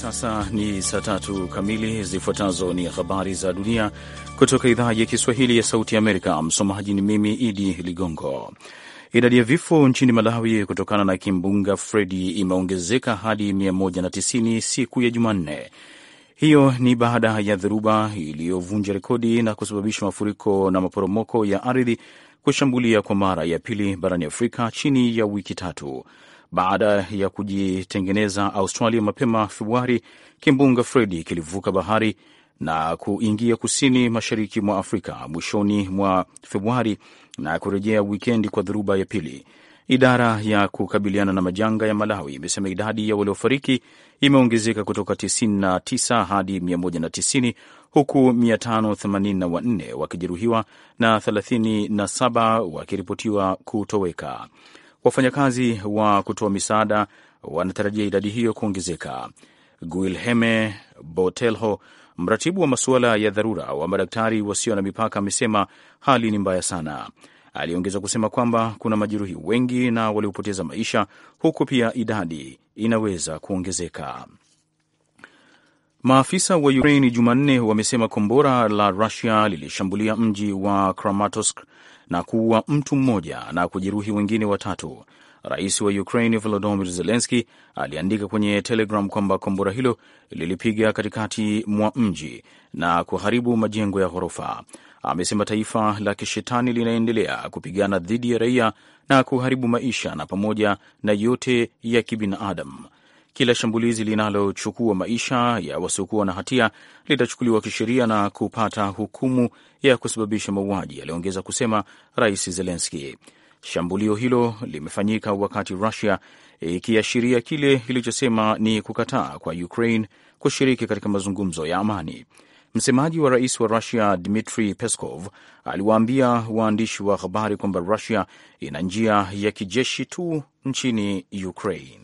sasa ni saa tatu kamili. Zifuatazo ni habari za dunia kutoka idhaa ya Kiswahili ya Sauti Amerika. Msomaji ni mimi Idi Ligongo. Idadi ya vifo nchini Malawi kutokana na kimbunga Fredi imeongezeka hadi 190 siku ya Jumanne. Hiyo ni baada ya dhoruba iliyovunja rekodi na kusababisha mafuriko na maporomoko ya ardhi kushambulia kwa mara ya pili barani Afrika chini ya wiki tatu. Baada ya kujitengeneza Australia mapema Februari, kimbunga Fredi kilivuka bahari na kuingia kusini mashariki mwa Afrika mwishoni mwa Februari na kurejea wikendi kwa dhoruba ya pili. Idara ya kukabiliana na majanga ya Malawi imesema idadi ya waliofariki imeongezeka kutoka 99 hadi 190 huku 584 wakijeruhiwa na 37 wakiripotiwa kutoweka. Wafanyakazi wa kutoa misaada wanatarajia idadi hiyo kuongezeka. Guilheme Botelho, mratibu wa masuala ya dharura wa madaktari wasio na mipaka, amesema hali ni mbaya sana. Aliongeza kusema kwamba kuna majeruhi wengi na waliopoteza maisha, huku pia idadi inaweza kuongezeka. Maafisa wa ukrain Jumanne wamesema kombora la Rusia lilishambulia mji wa Kramatorsk na kuua mtu mmoja na kujeruhi wengine watatu. Rais wa Ukraine Volodymyr Zelensky aliandika kwenye Telegram kwamba kombora hilo lilipiga katikati mwa mji na kuharibu majengo ya ghorofa. Amesema taifa la kishetani linaendelea kupigana dhidi ya raia na kuharibu maisha na pamoja na yote ya kibinadamu. Kila shambulizi linalochukua maisha ya wasiokuwa na hatia litachukuliwa kisheria na kupata hukumu ya kusababisha mauaji, aliongeza kusema Rais Zelenski. Shambulio hilo limefanyika wakati Rusia ikiashiria e, kile ilichosema ni kukataa kwa Ukraine kushiriki katika mazungumzo ya amani. Msemaji wa rais wa Rusia Dmitri Peskov aliwaambia waandishi wa habari kwamba Rusia ina njia ya kijeshi tu nchini Ukraine.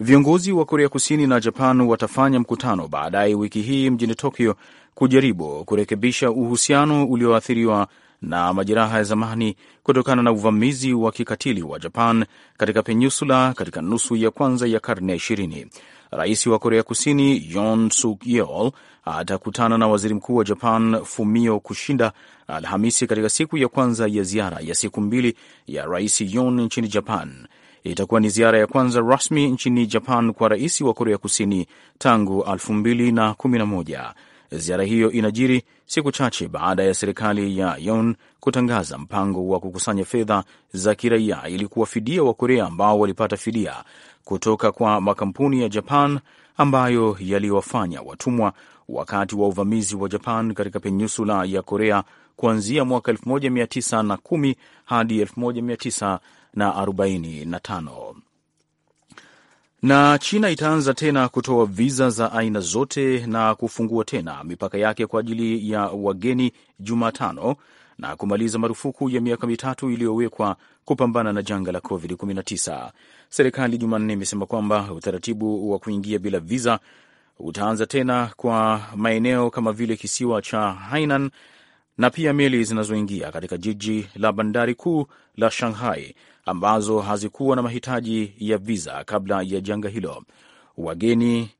Viongozi wa Korea Kusini na Japan watafanya mkutano baadaye wiki hii mjini Tokyo kujaribu kurekebisha uhusiano ulioathiriwa na majeraha ya zamani kutokana na uvamizi wa kikatili wa Japan katika peninsula katika nusu ya kwanza ya karne ya ishirini. Rais wa Korea Kusini Yoon Suk Yeol atakutana na waziri mkuu wa Japan Fumio Kishida Alhamisi katika siku ya kwanza ya ziara ya siku mbili ya Rais Yoon nchini Japan itakuwa ni ziara ya kwanza rasmi nchini Japan kwa rais wa Korea Kusini tangu 2011. Ziara hiyo inajiri siku chache baada ya serikali ya Yon kutangaza mpango wa kukusanya fedha za kiraia ili kuwafidia wa korea ambao walipata fidia kutoka kwa makampuni ya Japan ambayo yaliwafanya watumwa wakati wa uvamizi wa Japan katika peninsula ya Korea kuanzia mwaka 1910 hadi na 45. na China itaanza tena kutoa viza za aina zote na kufungua tena mipaka yake kwa ajili ya wageni Jumatano na kumaliza marufuku ya miaka mitatu iliyowekwa kupambana na janga la COVID-19. Serikali Jumanne imesema kwamba utaratibu wa kuingia bila viza utaanza tena kwa maeneo kama vile kisiwa cha Hainan na pia meli zinazoingia katika jiji la bandari kuu la Shanghai ambazo hazikuwa na mahitaji ya viza kabla ya janga hilo. Wageni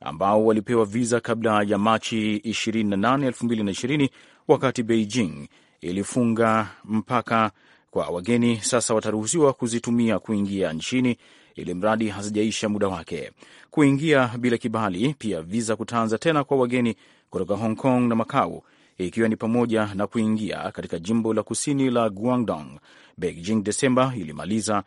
ambao walipewa viza kabla ya Machi 28, 2020 wakati Beijing ilifunga mpaka kwa wageni, sasa wataruhusiwa kuzitumia kuingia nchini ili mradi hazijaisha muda wake kuingia bila kibali. Pia viza kutaanza tena kwa wageni kutoka Hong Kong na Makau ikiwa ni pamoja na kuingia katika jimbo la kusini la Guangdong. Beijing Desemba ilimaliza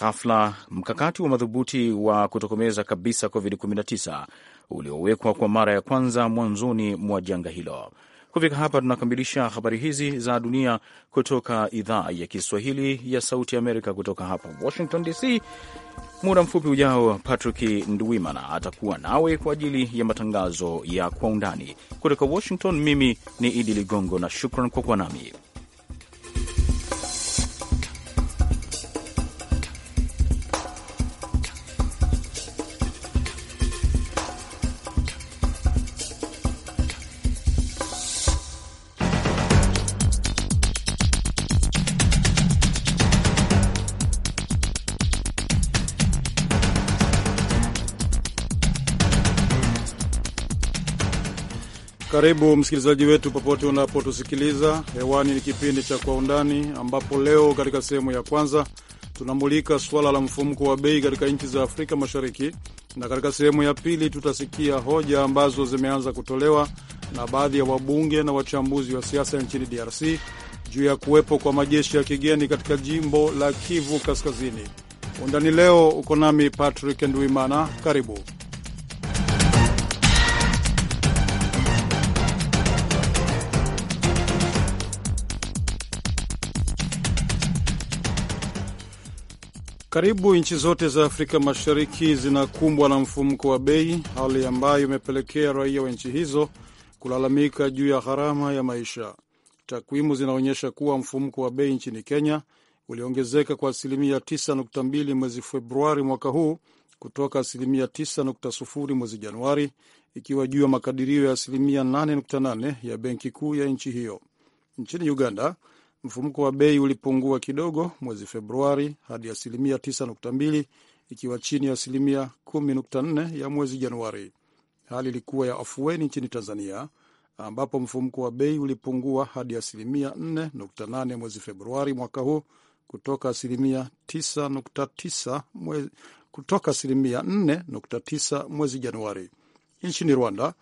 ghafla mkakati wa madhubuti wa kutokomeza kabisa COVID-19 uliowekwa kwa mara ya kwanza mwanzoni mwa janga hilo. Kufika hapa tunakamilisha habari hizi za dunia kutoka idhaa ya Kiswahili ya Sauti Amerika kutoka hapa Washington DC. Muda mfupi ujao, Patrick ndwimana atakuwa nawe kwa ajili ya matangazo ya Kwa Undani kutoka Washington. Mimi ni Idi Ligongo na shukran kwa kuwa nami. Karibu msikilizaji wetu popote unapotusikiliza hewani. Ni kipindi cha Kwa Undani, ambapo leo katika sehemu ya kwanza tunamulika suala la mfumko wa bei katika nchi za Afrika Mashariki, na katika sehemu ya pili tutasikia hoja ambazo zimeanza kutolewa na baadhi ya wabunge na wachambuzi wa siasa nchini DRC juu ya kuwepo kwa majeshi ya kigeni katika jimbo la Kivu Kaskazini. Undani leo uko nami Patrick Ndwimana, karibu. Karibu nchi zote za Afrika Mashariki zinakumbwa na mfumko wa bei, hali ambayo imepelekea raia wa nchi hizo kulalamika juu ya gharama ya maisha. Takwimu zinaonyesha kuwa mfumko wa bei nchini Kenya uliongezeka kwa asilimia 9.2 mwezi Februari mwaka huu kutoka asilimia 9.0 mwezi Januari, ikiwa juu ya makadirio ya asilimia 8.8 ya Benki Kuu ya nchi hiyo. Nchini Uganda, Mfumuko wa bei ulipungua kidogo mwezi Februari hadi asilimia 9.2 ikiwa chini ya asilimia 10.4 ya mwezi Januari. Hali ilikuwa ya afueni nchini Tanzania ambapo mfumko wa bei ulipungua hadi asilimia 4.8 mwezi Februari mwaka huu kutoka asilimia 9.9 mwezi kutoka asilimia 4.9 mwezi Januari. Nchini Rwanda,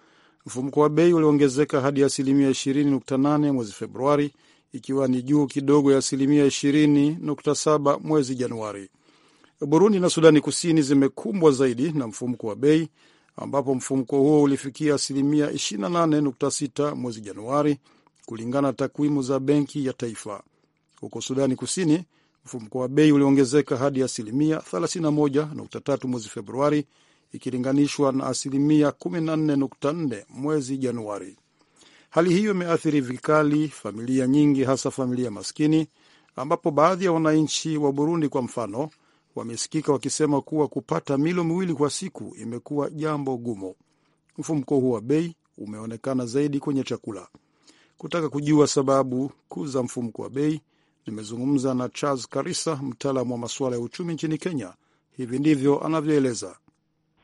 mfumko wa bei uliongezeka hadi asilimia 20.8 mwezi Februari ikiwa ni juu kidogo ya asilimia 20.7 mwezi Januari. Burundi na Sudani Kusini zimekumbwa zaidi na mfumko wa bei ambapo mfumko huo ulifikia asilimia 28.6 mwezi Januari, kulingana na takwimu za Benki ya Taifa. Huko Sudani Kusini, mfumko wa bei uliongezeka hadi asilimia 31.3 mwezi Februari, ikilinganishwa na asilimia 14.4 mwezi Januari. Hali hiyo imeathiri vikali familia nyingi, hasa familia maskini, ambapo baadhi ya wananchi wa Burundi kwa mfano wamesikika wakisema kuwa kupata milo miwili kwa siku imekuwa jambo gumu. Mfumko huu wa bei umeonekana zaidi kwenye chakula. Kutaka kujua sababu kuu za mfumko wa bei, nimezungumza na Charles Karisa, mtaalamu wa masuala ya uchumi nchini Kenya. Hivi ndivyo anavyoeleza.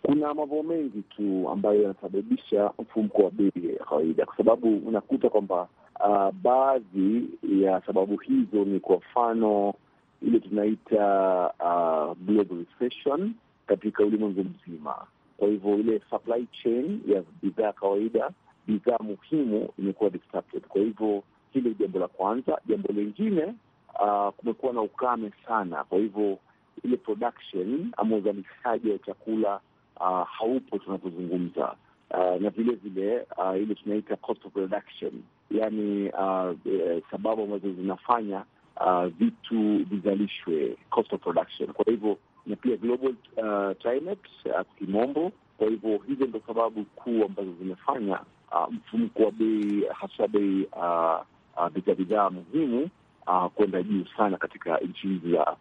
Kuna mambo mengi tu ambayo yanasababisha mfumko wa bei ya kawaida, kwa sababu unakuta kwamba uh, baadhi ya sababu hizo ni kwa mfano ile tunaita uh, global recession katika ulimwengu mzima. Kwa hivyo ile supply chain ya bidhaa kawaida, bidhaa muhimu imekuwa disrupted. Kwa hivyo hilo jambo la kwanza. Jambo lingine uh, kumekuwa na ukame sana, kwa hivyo ile production ama uzalishaji wa chakula uh, haupo tunapozungumza uh, na vile vile uh, ile tunaita cost of production, yaani uh, e, sababu ambazo zinafanya uh, vitu vizalishwe, cost of production. Kwa hivyo na pia global uh, climate uh, kimombo. Kwa hivyo hizo ndo sababu kuu ambazo zimefanya uh, wa bei hasa bei bidhaa uh, uh bidhaa muhimu uh, kwenda juu sana katika nchi hizi za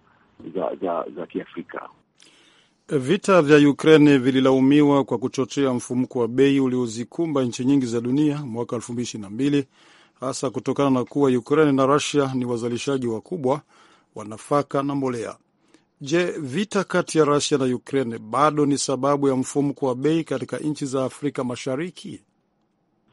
za, za, za Kiafrika. Vita vya Ukraine vililaumiwa kwa kuchochea mfumuko wa bei uliozikumba nchi nyingi za dunia mwaka 2022 hasa kutokana na kuwa Ukraine na Russia ni wazalishaji wakubwa wa nafaka na mbolea. Je, vita kati ya Russia na Ukraine bado ni sababu ya mfumuko wa bei katika nchi za Afrika Mashariki?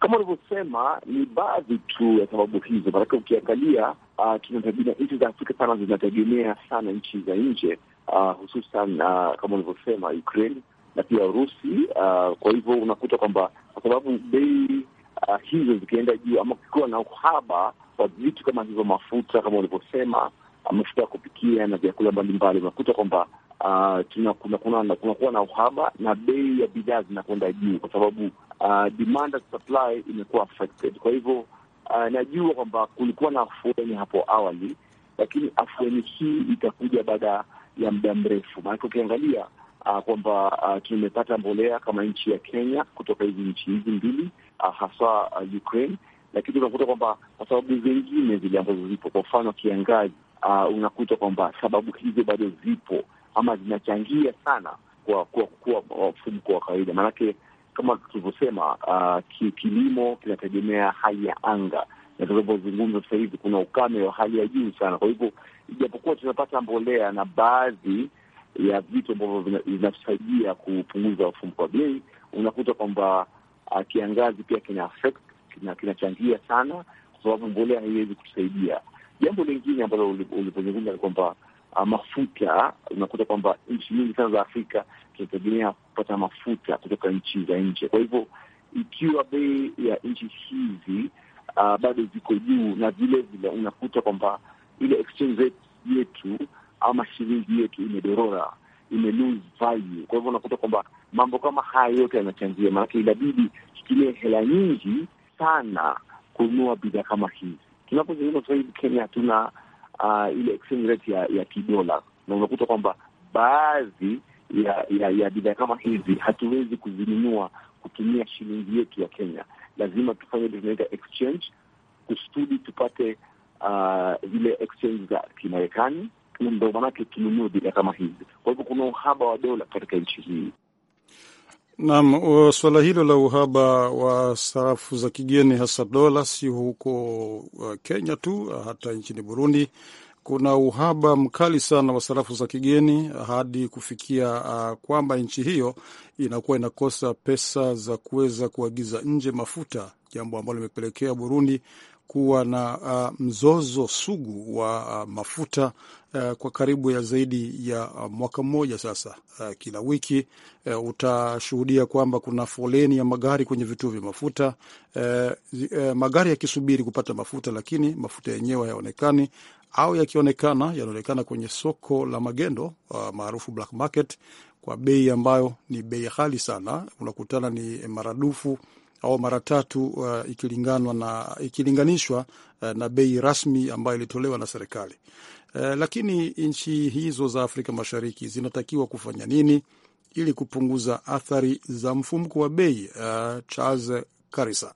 Kama ulivyosema, ni baadhi tu ya sababu hizo, manake ukiangalia uh, ah, tunategemea nchi za Afrika sana zinategemea sana nchi za nje uh, hususan uh, kama ulivyosema Ukraine na pia Urusi. Uh, kwa hivyo unakuta kwamba kwa sababu bei uh, hizo zikienda juu ama kukiwa na uhaba wa vitu kama hivyo, mafuta kama ulivyosema, uh, mafuta ya kupikia na vyakula mbalimbali, unakuta kwamba uh, kunakuwa na uhaba na bei ya bidhaa zinakwenda juu kwa sababu uh, demand and supply imekuwa affected. Kwa hivyo uh, najua kwamba kulikuwa na afueni hapo awali, lakini afueni hii itakuja baada ya muda mrefu, maanake ukiangalia uh, kwamba uh, tumepata mbolea kama nchi ya Kenya kutoka hizi nchi hizi mbili uh, haswa uh, Ukraine, lakini unakuta kwamba kwa sababu zingine zile ambazo zipo, kwa mfano kiangazi, uh, unakuta kwamba sababu hizo bado zipo ama zinachangia sana kwa kuwa mfumko wa kawaida, maanake kama tulivyosema, uh, kilimo kinategemea hali ya anga na tunavyozungumza sasa hivi kuna ukame wa hali ya juu sana. Kwa hivyo, ijapokuwa tunapata mbolea na baadhi ya vitu ambavyo vinasaidia kupunguza mfumuko wa bei, unakuta kwamba uh, kiangazi pia kina affect, kina kinachangia sana, kwa sababu mbolea haiwezi kutusaidia. Jambo lingine ambalo ulipozungumza ni kwamba uh, mafuta, unakuta kwamba nchi nyingi sana za Afrika tunategemea kupata mafuta kutoka nchi za nje. Kwa hivyo, ikiwa bei ya nchi hizi uh, bado ziko juu, na vilevile unakuta kwamba ile exchange rate yetu ama shilingi yetu imedorora, ime lose value. Kwa hivyo unakuta kwamba mambo kama haya yote yanachangia, maanake inabidi tutumie hela nyingi sana kununua bidhaa kama hizi. Tunapozungumza sasa hivi Kenya hatuna uh, ile exchange rate ya, ya kidola, na unakuta kwamba baadhi ya, ya, ya bidhaa kama hizi hatuwezi kuzinunua kutumia shilingi yetu ya Kenya lazima tufanye tunaita exchange kusudi tupate uh, zile uh, exchange za Kimarekani, ndo maanake tununue bidhaa kama hizi. Kwa hivyo kuna uhaba wa dola katika nchi hii. nam suala hilo la uhaba wa sarafu za kigeni hasa dola si huko uh, Kenya tu, uh, hata nchini Burundi kuna uhaba mkali sana wa sarafu za kigeni hadi kufikia uh, kwamba nchi hiyo inakuwa inakosa pesa za kuweza kuagiza nje mafuta, jambo ambalo limepelekea Burundi kuwa na uh, mzozo sugu wa uh, mafuta uh, kwa karibu ya zaidi ya uh, mwaka mmoja sasa. Uh, kila wiki uh, utashuhudia kwamba kuna foleni ya magari kwenye vituo vya mafuta uh, uh, magari yakisubiri kupata mafuta, lakini mafuta yenyewe hayaonekani, au yakionekana yanaonekana kwenye soko la magendo uh, maarufu black market kwa bei ambayo ni bei ghali sana, unakutana ni maradufu au mara tatu uh, ikilinganwa na ikilinganishwa uh, na bei rasmi ambayo ilitolewa na serikali uh, lakini nchi hizo za Afrika Mashariki zinatakiwa kufanya nini ili kupunguza athari za mfumko wa bei? Uh, Charles Karisa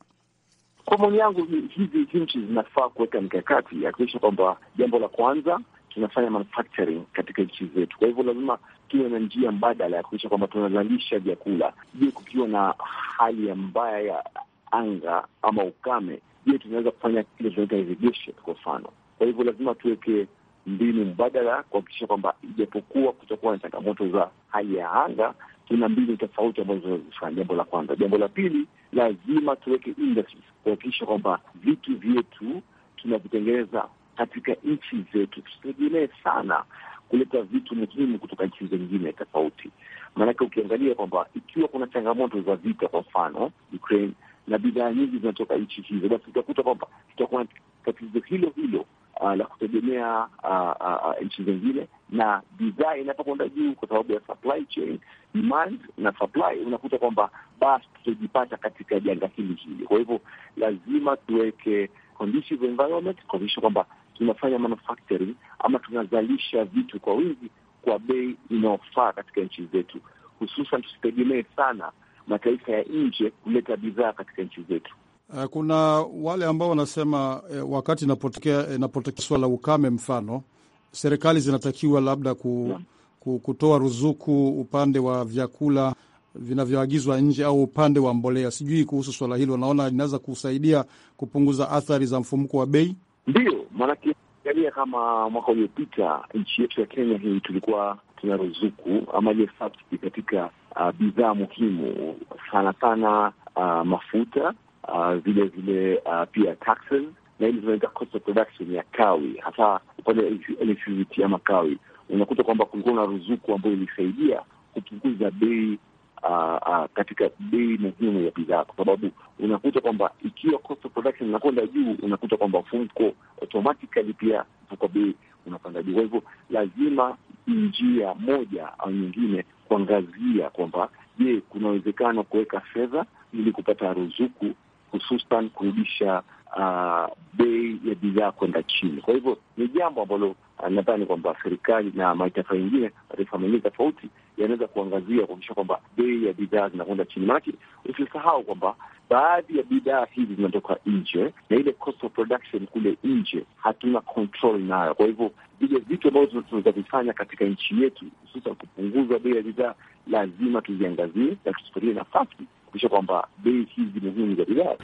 kwa maoni yangu, hizi nchi zinafaa kuweka mikakati ya kwamba jambo la kwanza tunafanya manufacturing katika nchi zetu. Kwa hivyo lazima tuwe na njia mbadala ya kuisha kwamba tunazalisha vyakula. Je, kukiwa na hali ya mbaya ya anga ama ukame, je, tunaweza kufanya kile tunaita irrigation kwa mfano? Kwa hivyo lazima tuweke mbinu mbadala kuhakikisha kwamba ijapokuwa kutakuwa na changamoto za hali ya anga tuna mbinu tofauti ambazo zinazofanya. Jambo la kwanza. Jambo la pili, lazima tuweke industries kuhakikisha kwamba vitu vyetu tunavitengeneza katika nchi zetu, tusitegemee sana kuleta vitu muhimu kutoka nchi zingine tofauti. Maanake ukiangalia kwamba ikiwa kuna changamoto za vita, kwa mfano Ukraine, na bidhaa nyingi zinatoka nchi hizo, basi utakuta kwamba tutakuwa na tatizo hilo hilo uh, la kutegemea uh, uh, uh, nchi zingine, na bidhaa inapokwenda juu kwa sababu ya supply chain, demand na supply, unakuta kwamba basi tutajipata katika janga hili hili. Kwa hivyo lazima tuweke conducive environment kuhakikisha kwamba tunafanya manufacturing ama tunazalisha vitu kwa wingi kwa bei inayofaa katika nchi zetu, hususan tusitegemee sana mataifa ya nje kuleta bidhaa katika nchi zetu. Eh, kuna wale ambao wanasema eh, wakati inapotokea inapotokea swala la ukame, mfano serikali zinatakiwa labda ku, ku, kutoa ruzuku upande wa vyakula vinavyoagizwa nje au upande wa mbolea. Sijui kuhusu swala hilo, naona linaweza kusaidia kupunguza athari za mfumuko wa bei. Ndiyo maanake angalia, kama mwaka uliopita nchi yetu ya Kenya hii tulikuwa tuna ruzuku ama ile subsidy katika uh, bidhaa muhimu sana sana uh, mafuta Ah, vile vile uh, pia taxes na ili tunaita cost of production ya kawi, hasa upande electricity ama kawi, unakuta kwamba kulikuwa na ruzuku ambayo ilisaidia kupunguza bei uh, uh, katika bei muhimu ya bidhaa, kwa sababu unakuta kwamba ikiwa cost of production inakwenda juu, unakuta kwamba mfumko automatically pia mfuko bei unapanda juu. Kwa hivyo lazima njia moja au nyingine kuangazia kwamba je, uwezekano kuweka fedha ili kupata ruzuku hususan kurudisha uh, bei ya bidhaa kwenda chini. Kwa hivyo ni jambo ambalo uh, nadhani kwamba serikali na mataifa mengine mataifa mengine tofauti yanaweza kuangazia kuakisha kwamba bei ya bidhaa zinakwenda chini, maanake usisahau kwamba baadhi ya bidhaa hizi zinatoka nje na ile cost of production kule nje hatuna control nayo. Kwa hivyo vile vitu ambavyo tunazovifanya katika nchi yetu, hususan kupunguza bei ya bidhaa, lazima tuziangazie na tusipatie nafasi kuhakikisha kwamba bei hizi muhimu za bidhaa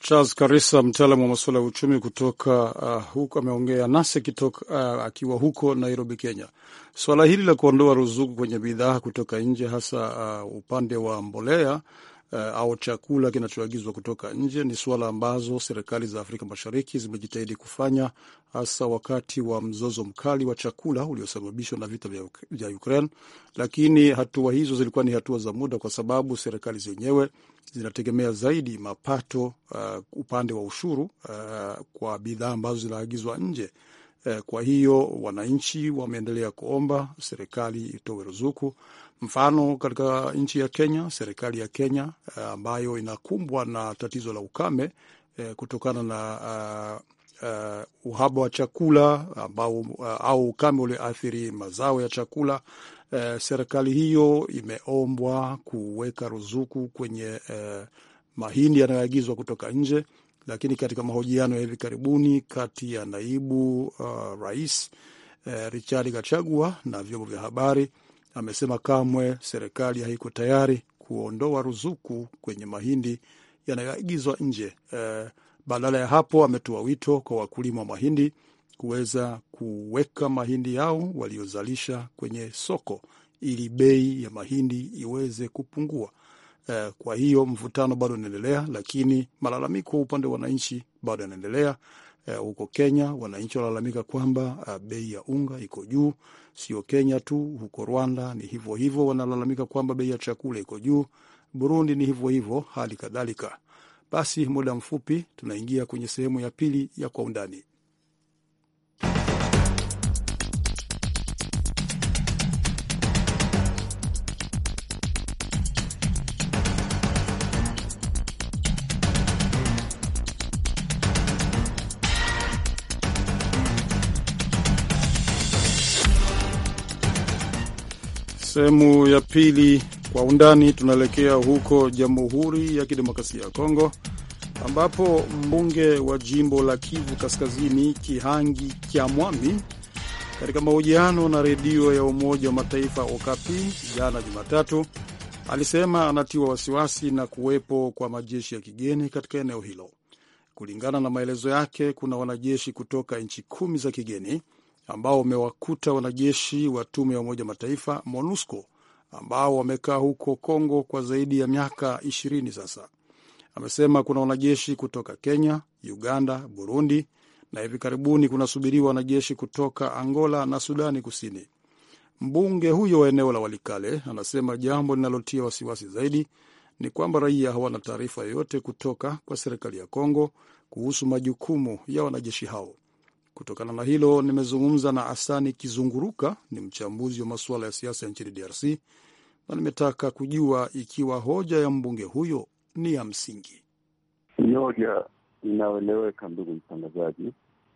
Charles Karisa, mtaalamu wa masuala ya uchumi kutoka uh, huko ameongea nasi kitoka, uh, akiwa huko Nairobi, Kenya. Swala hili la kuondoa ruzuku kwenye bidhaa kutoka nje hasa uh, upande wa mbolea uh, au chakula kinachoagizwa kutoka nje ni suala ambazo serikali za Afrika Mashariki zimejitahidi kufanya hasa wakati wa mzozo mkali wa chakula uliosababishwa na vita vya Ukraine, lakini hatua hizo zilikuwa ni hatua za muda, kwa sababu serikali zenyewe zinategemea zaidi mapato uh, upande wa ushuru uh, kwa bidhaa ambazo zinaagizwa nje Eh, kwa hiyo wananchi wameendelea kuomba serikali itoe ruzuku. Mfano, katika nchi ya Kenya, serikali ya Kenya eh, ambayo inakumbwa na tatizo la ukame eh, kutokana na uh, uhaba wa chakula ambao, uh, au ukame ulioathiri mazao ya chakula. Uh, serikali hiyo imeombwa kuweka ruzuku kwenye uh, mahindi yanayoagizwa kutoka nje lakini katika mahojiano ya hivi karibuni kati ya naibu uh, rais uh, Richard Gachagua na vyombo vya habari amesema kamwe serikali haiko tayari kuondoa ruzuku kwenye mahindi yanayoagizwa nje. Uh, badala ya hapo, ametoa wito kwa wakulima wa mahindi kuweza kuweka mahindi yao waliozalisha kwenye soko ili bei ya mahindi iweze kupungua Eh, kwa hiyo mvutano bado unaendelea, lakini malalamiko upande wa wananchi bado yanaendelea. Eh, huko Kenya wananchi wanalalamika kwamba eh, bei ya unga iko juu. Sio Kenya tu, huko Rwanda ni hivyo hivyo, wanalalamika kwamba bei ya chakula iko juu. Burundi ni hivyo hivyo, hali kadhalika. Basi muda mfupi tunaingia kwenye sehemu ya pili ya kwa undani. Sehemu ya pili kwa undani, tunaelekea huko Jamhuri ya Kidemokrasia ya Kongo ambapo mbunge wa jimbo la Kivu Kaskazini Kihangi kiamwami katika mahojiano na redio ya Umoja wa Mataifa Okapi jana Jumatatu alisema anatiwa wasiwasi na kuwepo kwa majeshi ya kigeni katika eneo hilo. Kulingana na maelezo yake, kuna wanajeshi kutoka nchi kumi za kigeni ambao umewakuta wanajeshi wa tume ya Umoja Mataifa MONUSCO ambao wamekaa huko Kongo kwa zaidi ya miaka ishirini sasa. Amesema kuna wanajeshi kutoka Kenya, Uganda, Burundi na hivi karibuni kunasubiriwa wanajeshi kutoka Angola na Sudani Kusini. Mbunge huyo wa eneo la Walikale anasema jambo linalotia wasiwasi zaidi ni kwamba raia hawana taarifa yoyote kutoka kwa serikali ya Kongo kuhusu majukumu ya wanajeshi hao. Kutokana na hilo, nimezungumza na Asani Kizunguruka, ni mchambuzi wa masuala ya siasa nchini DRC, na nimetaka kujua ikiwa hoja ya mbunge huyo ni ya msingi. Ni hoja inayoeleweka, ndugu mtangazaji,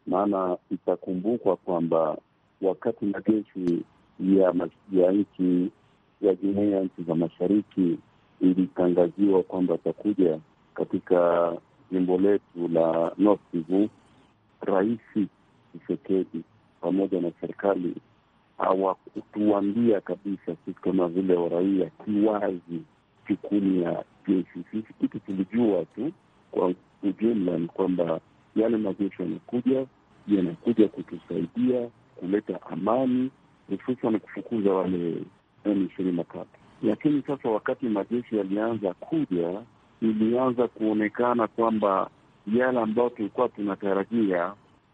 maana itakumbukwa kwamba wakati majeshi ya ya nchi ya jumuia ya nchi za mashariki ilitangaziwa kwamba atakuja katika jimbo letu la Nord Kivu, rais Tshisekedi pamoja na serikali hawakutuambia kabisa sisi kama vile waraia kiwazi jukumu ya jeshi. Sisi kitu tulijua tu kwa ujumla ni kwamba yale majeshi yanakuja yanakuja kutusaidia kuleta amani, hususan kufukuza wale M ishirini na tatu. Lakini sasa wakati majeshi yalianza kuja, ilianza kuonekana kwamba yale ambayo tulikuwa tunatarajia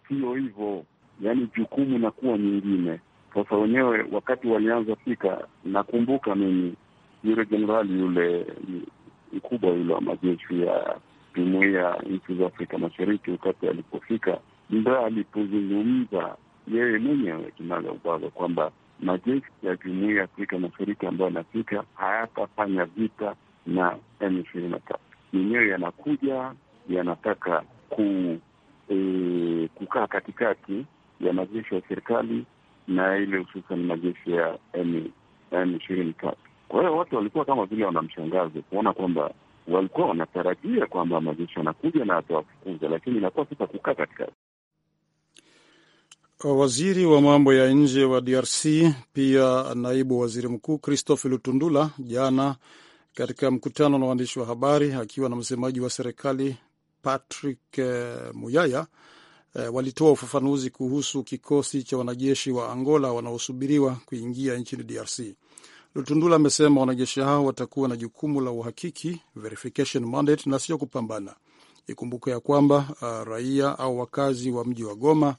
sio hivyo, yaani jukumu na kuwa nyingine. Sasa wenyewe wakati walianza fika, nakumbuka mimi yule jenerali yule mkubwa yule wa majeshi ya jumuiya nchi za Afrika Mashariki, wakati alipofika ndo alipozungumza yeye mwenyewe kinaga ubaga kwamba majeshi ya jumuiya ya Afrika Mashariki ambayo yanafika hayatafanya vita na M ishirini na tatu yenyewe yanakuja yanataka ku e, kukaa katikati ya majeshi ya serikali na ile hususan majeshi ya M ishirini tatu. Kwa hiyo watu walikuwa kama vile wanamshangaza kuona kwamba walikuwa wanatarajia kwamba majeshi yanakuja na atawafukuza, lakini inakuwa sasa kukaa katikati. Uh, waziri wa mambo ya nje wa DRC pia naibu waziri mkuu Christophe Lutundula jana katika mkutano na waandishi wa habari akiwa na msemaji wa serikali Patrick eh, Muyaya eh, walitoa ufafanuzi kuhusu kikosi cha wanajeshi wa Angola wanaosubiriwa kuingia nchini DRC. Lutundula amesema wanajeshi hao watakuwa na jukumu la uhakiki verification mandate, na sio kupambana. Ikumbuke ya kwamba uh, raia au wakazi wa mji wa Goma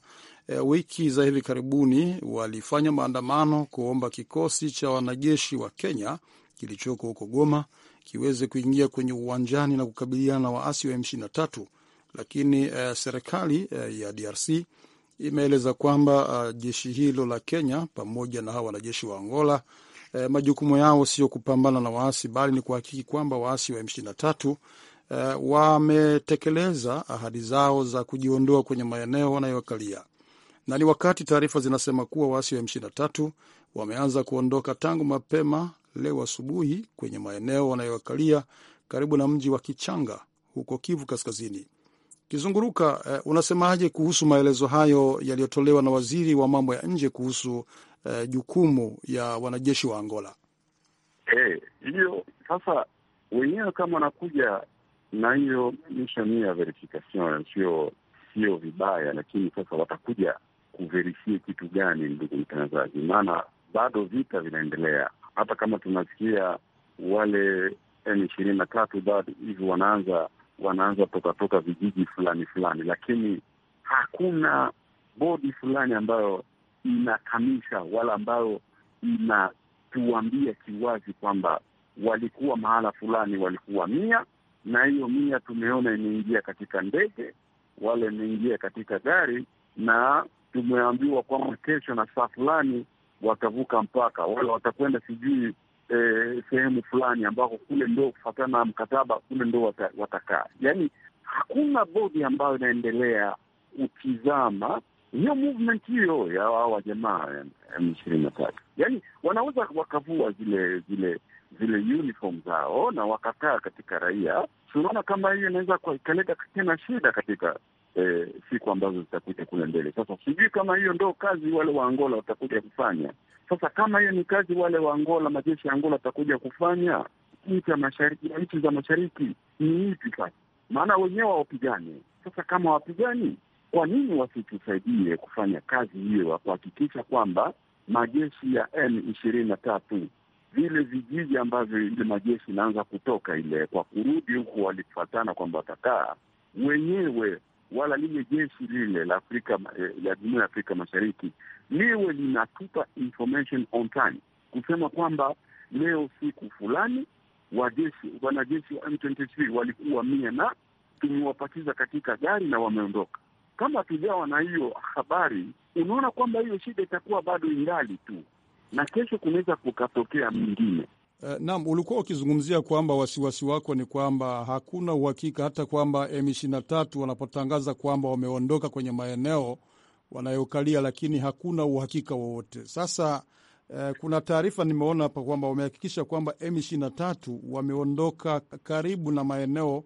uh, wiki za hivi karibuni walifanya maandamano kuomba kikosi cha wanajeshi wa Kenya kilichoko huko Goma kiweze kuingia kwenye uwanjani na kukabiliana na waasi wa M23, lakini uh, serikali uh, ya DRC imeeleza kwamba uh, jeshi hilo la Kenya pamoja na hawa wanajeshi wa Angola uh, majukumu yao sio kupambana na waasi bali ni kuhakiki kwamba waasi wa M23 uh, wametekeleza ahadi zao za kujiondoa kwenye maeneo wanayokalia na ni wakati taarifa zinasema kuwa waasi wa M23 wameanza kuondoka tangu mapema leo asubuhi kwenye maeneo wanayoakalia karibu na mji wa Kichanga huko Kivu Kaskazini. Kizunguruka, eh, unasemaje kuhusu maelezo hayo yaliyotolewa na waziri wa mambo ya nje kuhusu eh, jukumu ya wanajeshi wa Angola? Eh, hiyo hey, sasa wenyewe kama wanakuja na hiyo mishoni ya verification sio sio vibaya, lakini sasa watakuja kuverifie kitu gani, ndugu mtangazaji? Maana bado vita vinaendelea, hata kama tunasikia wale M ishirini na tatu bado hivi wanaanza wanaanza tokatoka vijiji fulani fulani, lakini hakuna bodi fulani ambayo inakamisha wala ambayo inatuambia kiwazi kwamba walikuwa mahala fulani, walikuwa mia na hiyo mia tumeona imeingia katika ndege wala imeingia katika gari, na tumeambiwa kwamba kesho na saa fulani watavuka mpaka wala watakwenda sijui e, sehemu fulani ambako kule ndo kufatana na mkataba kule ndo watakaa. Yani hakuna bodi ambayo inaendelea ukizama hiyo movement hiyo ya hawa jamaa eh, M ishirini na tatu, yani wanaweza wakavua zile zile zile uniform zao na wakakaa katika raia. Tunaona kama hiyo inaweza ikaleta tena shida katika eh, siku ambazo zitakuja kule mbele. Sasa sijui kama hiyo ndo kazi wale wa Angola watakuja kufanya. Sasa kama hiyo ni kazi wale wa Angola, majeshi ya Angola watakuja kufanya, nchi ya mashariki, nchi za mashariki ni ipi sasa? Maana wenyewe wapigane. Sasa kama wapigani, kwa nini wasitusaidie kufanya kazi hiyo ya kuhakikisha kwamba majeshi ya M ishirini na tatu vile vijiji ambavyo ile majeshi inaanza kutoka ile kwa kurudi huku walifatana kwamba watakaa wenyewe wala lile jeshi lile la Afrika eh, la Jumuiya ya Afrika Mashariki liwe linatupa information on time, kusema kwamba leo siku fulani wajeshi wanajeshi wa M23 walikuwa mia na tumewapatiza katika gari na wameondoka. Kama hatujawa na hiyo habari, unaona kwamba hiyo shida itakuwa bado ingali tu, na kesho kunaweza kukatokea mwingine nam eh, naam, ulikuwa ukizungumzia kwamba wasiwasi wako ni kwamba hakuna uhakika hata kwamba M23 wanapotangaza kwamba wameondoka kwenye maeneo wanayokalia, lakini hakuna uhakika wowote. Sasa eh, kuna taarifa nimeona hapa kwamba wamehakikisha kwamba M23 wameondoka karibu na maeneo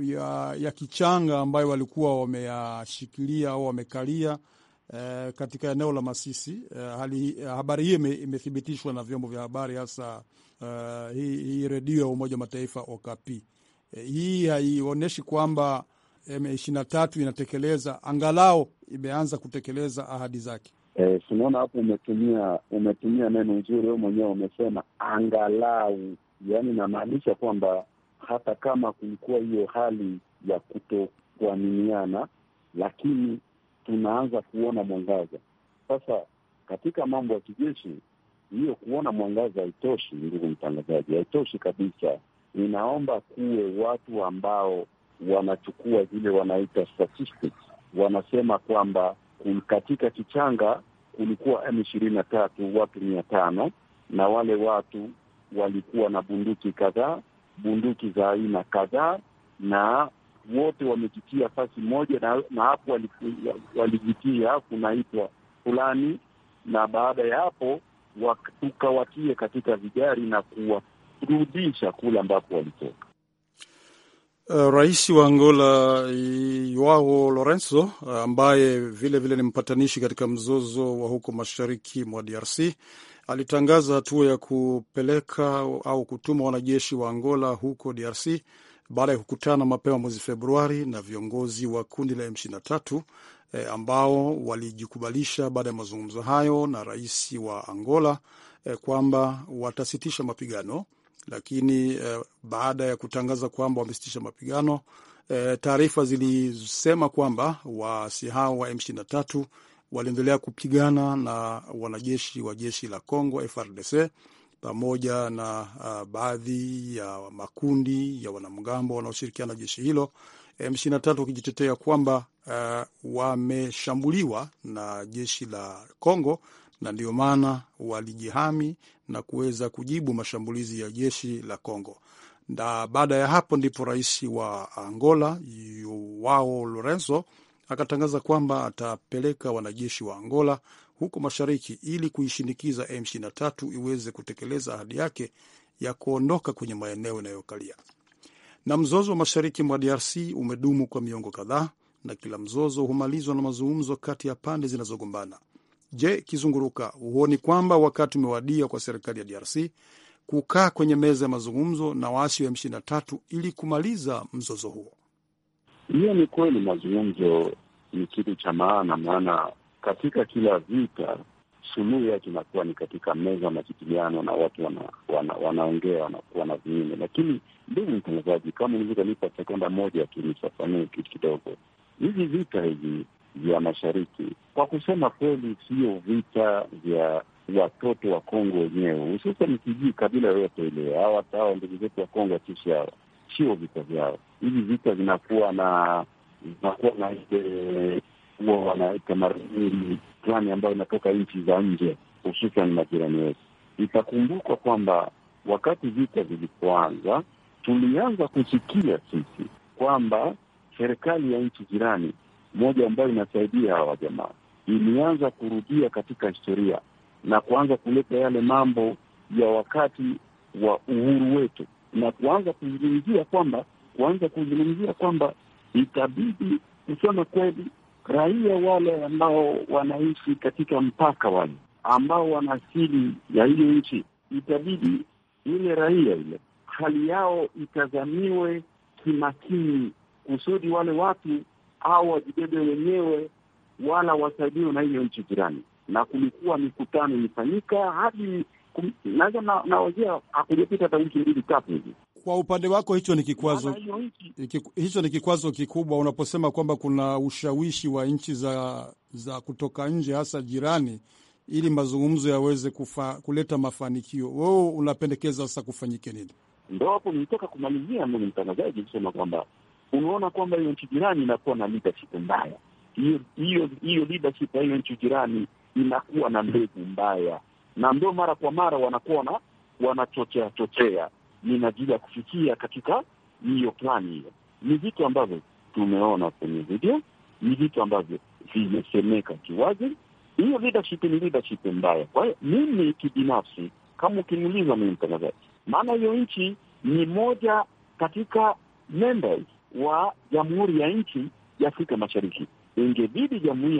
ya, ya kichanga ambayo walikuwa wameyashikilia au wamekalia Eh, katika eneo la Masisi Uh, hali, eh, habari hii imethibitishwa na vyombo vya habari hasa uh, hii, hii redio ya Umoja wa Mataifa Okapi. Uh, hii haionyeshi kwamba M23 inatekeleza angalau imeanza kutekeleza ahadi zake. Eh, simuona hapo umetumia umetumia neno nzuri, wewe mwenyewe umesema angalau, yaani namaanisha kwamba hata kama kulikuwa hiyo hali ya kutokuaminiana, lakini tunaanza kuona mwangaza sasa katika mambo ya kijeshi. Hiyo kuona mwangaza haitoshi, ndugu mtangazaji, haitoshi kabisa. Ninaomba kuwe watu ambao wanachukua zile wanaita statistics, wanasema kwamba katika kichanga kulikuwa M ishirini na tatu watu mia tano na wale watu walikuwa na bunduki kadhaa, bunduki za aina kadhaa, na wote wamejitia fasi moja na, na hapo walijitia kunaitwa fulani, na baada ya hapo tukawatie katika vigari na kuwarudisha kule ambapo walitoka. Uh, rais wa Angola Joao Lorenzo uh, ambaye vilevile vile ni mpatanishi katika mzozo wa huko mashariki mwa DRC alitangaza hatua ya kupeleka au kutuma wanajeshi wa Angola huko DRC baada ya kukutana mapema mwezi Februari na viongozi wa kundi la M23 e, eh, ambao walijikubalisha baada ya mazungumzo hayo na rais wa Angola e, kwamba watasitisha mapigano, lakini e, baada ya kutangaza kwamba wamesitisha mapigano e, taarifa zilisema kwamba waasi hao wa M23 waliendelea kupigana na wanajeshi wa jeshi la Congo FRDC pamoja na uh, baadhi ya makundi ya wanamgambo wanaoshirikiana na jeshi hilo M23 wakijitetea kwamba uh, wameshambuliwa na jeshi la Kongo na ndio maana walijihami na kuweza kujibu mashambulizi ya jeshi la Kongo. Na baada ya hapo ndipo rais wa Angola Joao Lorenzo akatangaza kwamba atapeleka wanajeshi wa Angola huko mashariki ili kuishinikiza M23 iweze kutekeleza ahadi yake ya kuondoka kwenye maeneo inayokalia. Na mzozo wa mashariki mwa DRC umedumu kwa miongo kadhaa na kila mzozo humalizwa na mazungumzo kati ya pande zinazogombana. Je, Kizunguruka, huoni kwamba wakati umewadia kwa serikali ya DRC kukaa kwenye meza ya mazungumzo na waasi wa M23 ili kumaliza mzozo huo? Hiyo ni kweli, mazungumzo ni kitu cha maana, maana katika kila vita suluhu yake inakuwa ni katika meza, majadiliano na watu wanaongea, wana, wana wanakuwa na vingine. Lakini ndugu mtangazaji, kama ulivyonipa sekonda moja tu nifafanue kitu kidogo, hivi vita hivi vya mashariki, kwa kusema kweli, sio vita vya watoto wa Kongo wenyewe, hususan kijii kabila yoyote ile, hawa hawa ndugu zetu wa Kongo wachishi hawa, sio vita vyao. Hivi vita vinakuwa na vinakuwa na ile huwa wanaweka tamaduni fulani ambayo inatoka nchi za nje, hususan majirani wetu. Itakumbukwa kwamba wakati vita vilipoanza, tulianza kusikia sisi kwamba serikali ya nchi jirani moja ambayo inasaidia hawa jamaa ilianza kurudia katika historia na kuanza kuleta yale mambo ya wakati wa uhuru wetu na kuanza kuzungumzia kwamba kuanza kuzungumzia kwamba itabidi kusema kweli raia wale ambao wanaishi katika mpaka wale ambao wana asili ya hiyo nchi, itabidi ile raia ile hali yao itazamiwe kimakini, kusudi wale watu au wajibebe wenyewe, wala wasaidiwe na hiyo nchi jirani. Na kulikuwa mikutano imefanyika hadi naweza nawazia hakujapita hata wiki mbili tatu hivi, kwa upande wako hicho ni kikwazo, hicho ni kikwazo kikubwa unaposema kwamba kuna ushawishi wa nchi za, za kutoka nje hasa jirani, ili mazungumzo yaweze kuleta mafanikio. Wewe unapendekeza sasa kufanyike nini? Ndo hapo nilitoka kumalizia mwenye mtangazaji kusema kwamba unaona kwamba hiyo nchi jirani inakuwa na leadership mbaya, hiyo hiyo leadership ya hiyo nchi jirani inakuwa na mbegu mbaya, na ndio mara kwa mara wanakuwa wanachochea chochea ajili ya kufikia katika hiyo plani hiyo. Ni vitu ambavyo tumeona kwenye video, ni vitu ambavyo vimesemeka kiwazi. Hiyo leadership ni leadership mbaya. Kwa hiyo mimi kibinafsi, kama ukiniuliza, mimi mtangazaji, maana hiyo nchi ni moja katika members wa jamhuri ya nchi ya Afrika Mashariki. Ingebidi jamhuri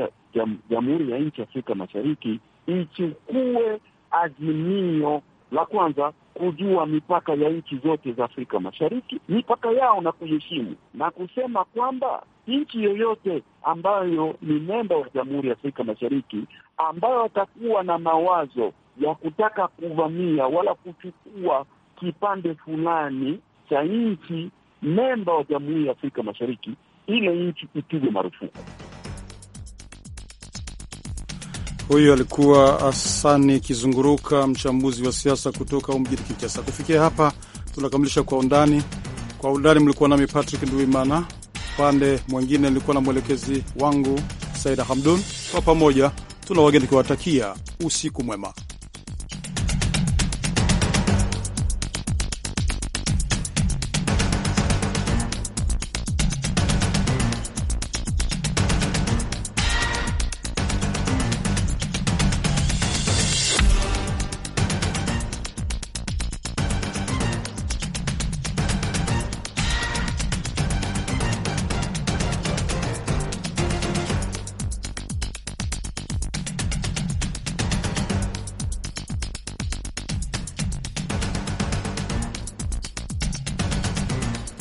ya nchi ya Afrika Mashariki ichukue azimio la kwanza kujua mipaka ya nchi zote za Afrika Mashariki, mipaka yao na kuheshimu, na kusema kwamba nchi yoyote ambayo ni memba wa Jamhuri ya Afrika Mashariki ambayo watakuwa na mawazo ya kutaka kuvamia wala kuchukua kipande fulani cha nchi memba wa Jamhuri ya Afrika Mashariki, ile nchi ipigwe marufuku. Huyu alikuwa Asani Kizunguruka, mchambuzi wa siasa kutoka mjini Kinshasa. Kufikia hapa tunakamilisha kwa undani. Kwa undani mlikuwa nami Patrick Nduimana, upande mwingine nilikuwa na mwelekezi wangu Saida Hamdun. Kwa pamoja tuna wageni kuwatakia usiku mwema.